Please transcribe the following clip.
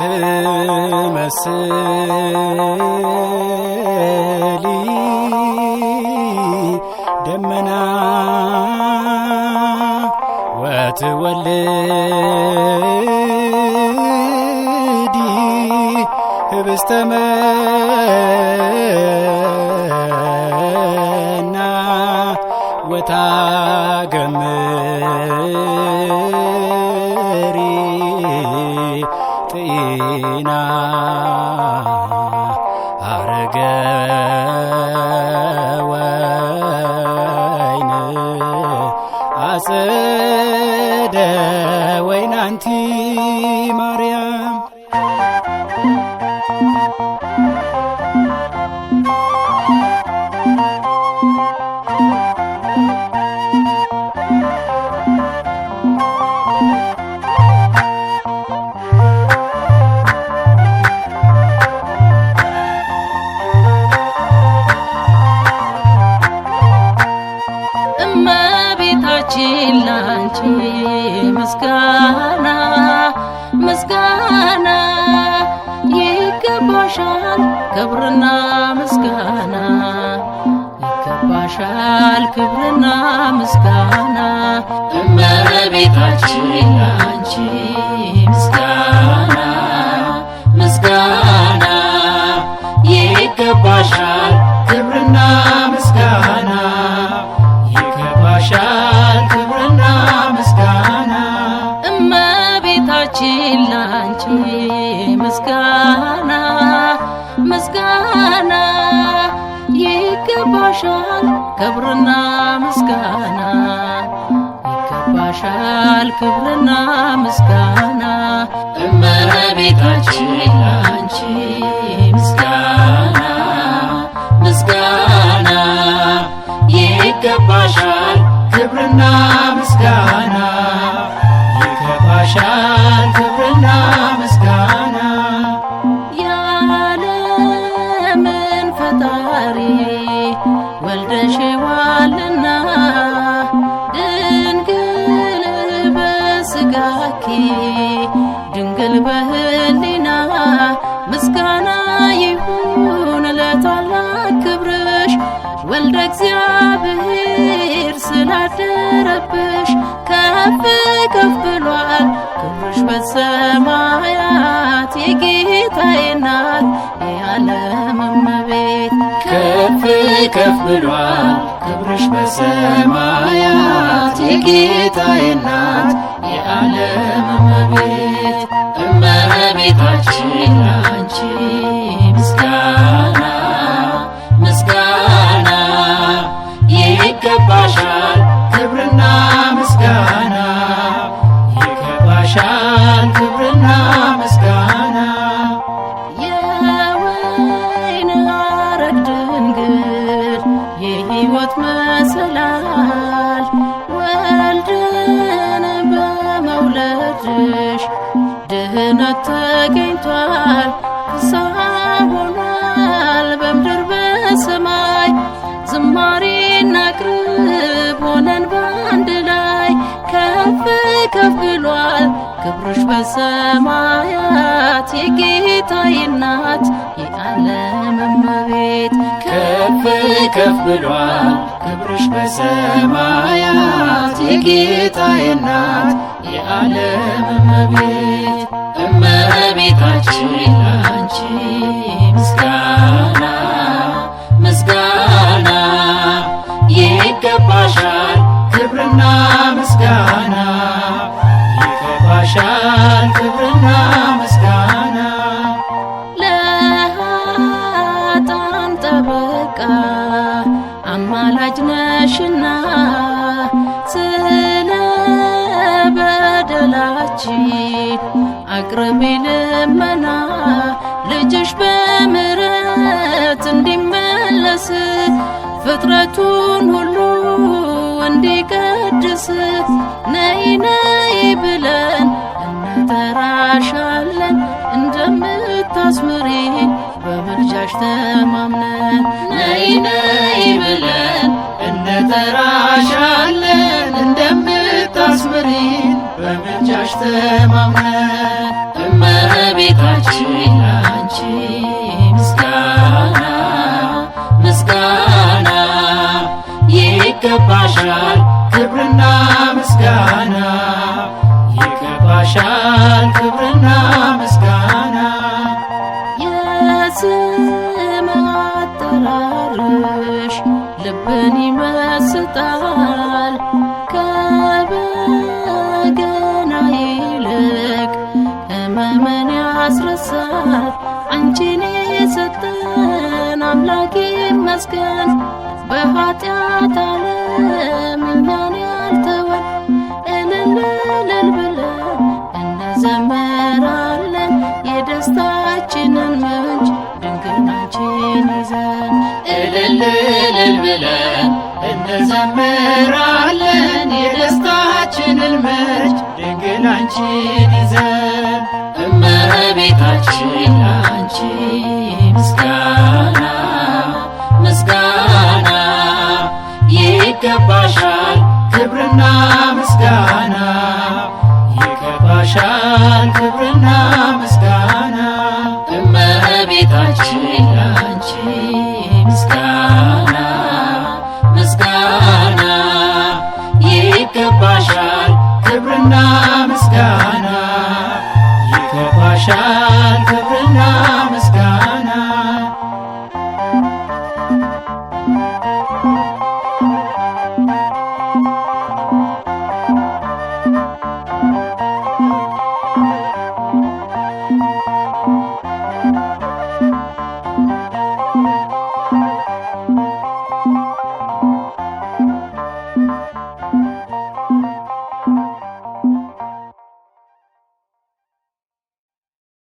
ትመስሊ ደመና ወትወልዲ ህብስተ መና ወታገም ዜና አረገ ወይን አጽ ምስጋና ምስጋና ይገባሻል ክብርና ምስጋና ይገባሻል ክብርና ምስጋና እመቤታችን አንቺ ምስጋና ምስጋና ይገባሻል ክብርና ክብርና ምስጋና ይገባሻል ክብርና ምስጋና እመቤታችን አንቺ ምስጋና ምስጋና ይገባሻል ክብርና ምስጋና ይገባሻል ክብርና ምስጋና ያለምን ፈጣሪ ወልደሽዋልና ድንግል በስጋኪ ድንግል በህሊና ምስጋና ይሁን ለታላቅ ክብርሽ ወልደ እግዚአብሔር ስላደረብሽ ከፍ ከፍ ብሏል ክብርሽ በሰማያት የጌ ከፍ ብሏል ክብርሽ በሰማያት የጌታዬ እናት የዓለም እመቤት እመቤታችን አንቺ ምስጋና ምስጋና ይገባሻል ክብርና ምስጋና ይገባሻል ክብርና በረከትሽ ድህነት ተገኝቷል፣ ፍስሐ ሆኗል በምድር በሰማይ። ዝማሬ እናቅርብ ሆነን በአንድ ላይ፣ ከፍ ከፍ ብሏል ክብርሽ በሰማያት። የጌታዬ እናት የዓለም እመቤት ከፍ ከፍ ብሏል በሰማያት የጌታዬ እናት የዓለም እመቤት እመቤታችን ላንቺ ምስጋና ጠበቃ አማላጅ ነሽና ስለ በደላችን አቅርቢ ልመና ልጅሽ በምረት እንዲመለስ ፍጥረቱን ሁሉ እንዲቀድስ ነይ ነይ ብለን እንጠራሻለን እንደምታስምሪ በምልጃሽ ተማምነን ነይ ነይ ብለን እንጠራሻለን እንደምታስምሪን በምልጃሽ ተማምነን እመቤታችን አንቺ ምስጋና ምስጋና ይገባሻል ክብርና ምስጋና ይገባሻል ክብርና ቀን ይመስጣል ከበገና ይልቅ ያስረሳል። አንቺን የሰጠን አምላክ ይመስገን። በኃጢአት ዓለም እኛን ያልተወን እልል እልል ብለን እንዘምራለን የደስታችንን ምንጭ ድንግል ይዘን እልል ብለን እንዘምራለን የደስታችንን ምርጭ ድንግል አንቺን ይዘን እመቤታችን አንቺ and I.